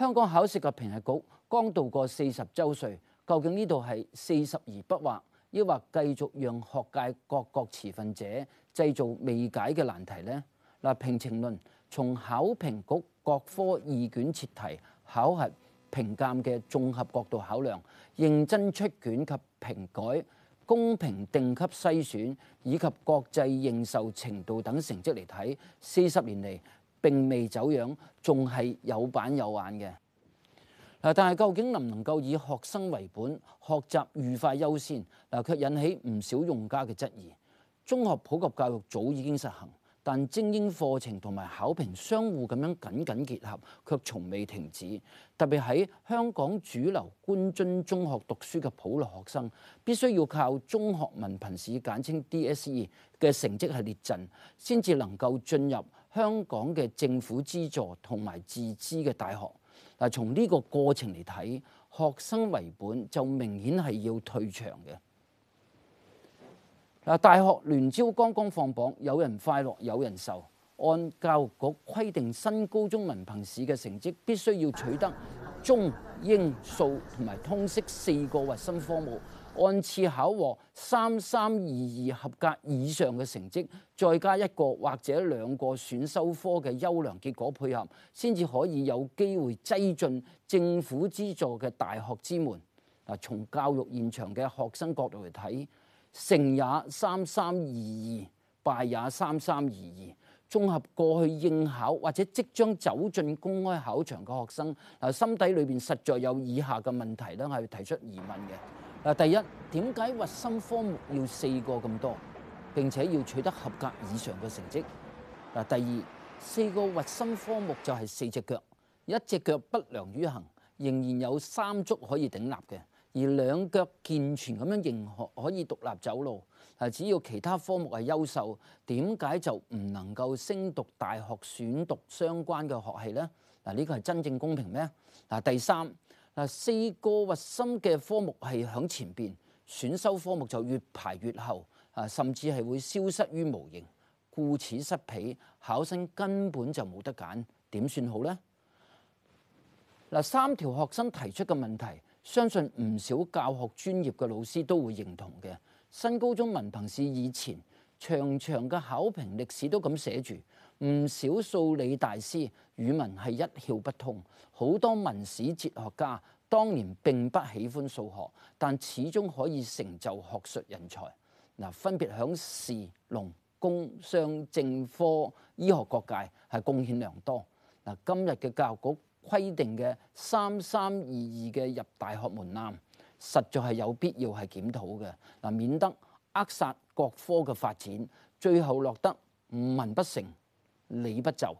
香港考試及評核局剛度過四十週歲，究竟呢度係四十而不惑，抑或繼續讓學界各國持份者製造未解嘅難題呢？嗱，平情論，從考評局各科擬卷設題、考核評鑑嘅綜合角度考量，認真出卷及評改、公平定級篩選以及國際認受程度等成績嚟睇，四十年嚟，並未走樣，仲係有板有眼嘅嗱。但係究竟能唔能夠以學生為本、學習愉快優先嗱，卻引起唔少用家嘅質疑。中學普及教育早已經實行，但精英課程同埋考評相互咁樣緊緊結合，卻從未停止。特別喺香港主流官津中學讀書嘅普羅學生，必須要靠中學文憑試（簡稱 DSE） 嘅成績係列陣，先至能夠進入。香港嘅政府資助同埋自資嘅大學，嗱，從呢個過程嚟睇，學生為本就明顯係要退場嘅。嗱，大學聯招剛剛放榜，有人快樂，有人愁。按教育局規定，新高中文憑試嘅成績必須要取得中英數同埋通識四個核心科目，按次考獲三三二二合格以上嘅成績，再加一個或者兩個選修科嘅優良結果配合，先至可以有機會擠進政府資助嘅大學之門。嗱，從教育現場嘅學生角度嚟睇，成也三三二二，敗也三三二二。綜合過去應考或者即將走進公開考場嘅學生，嗱，心底裏邊實在有以下嘅問題咧，係提出疑問嘅。第一，點解核心科目要四個咁多，並且要取得合格以上嘅成績？第二，四個核心科目就係四隻腳，一隻腳不良於行，仍然有三足可以頂立嘅，而兩腳健全咁樣仍可可以獨立走路。只要其他科目係優秀，點解就唔能夠升讀大學、選讀相關嘅學系呢？嗱，呢個係真正公平咩？嗱，第三。四個核心嘅科目係喺前邊，選修科目就越排越後，甚至係會消失於無形，顧此失彼，考生根本就冇得揀，點算好呢？嗱，三條學生提出嘅問題，相信唔少教學專業嘅老師都會認同嘅。新高中文憑試以前。長長嘅考評歷史都咁寫住，唔少數理大師語文係一竅不通，好多文史哲學家當然並不喜歡數學，但始終可以成就學術人才。嗱，分別向士農、工、商政科醫學各界係貢獻良多。嗱，今日嘅教育局規定嘅三三二二嘅入大學門檻，實在係有必要係檢討嘅，嗱，免得。扼殺各科嘅發展，最後落得文不成，理不就。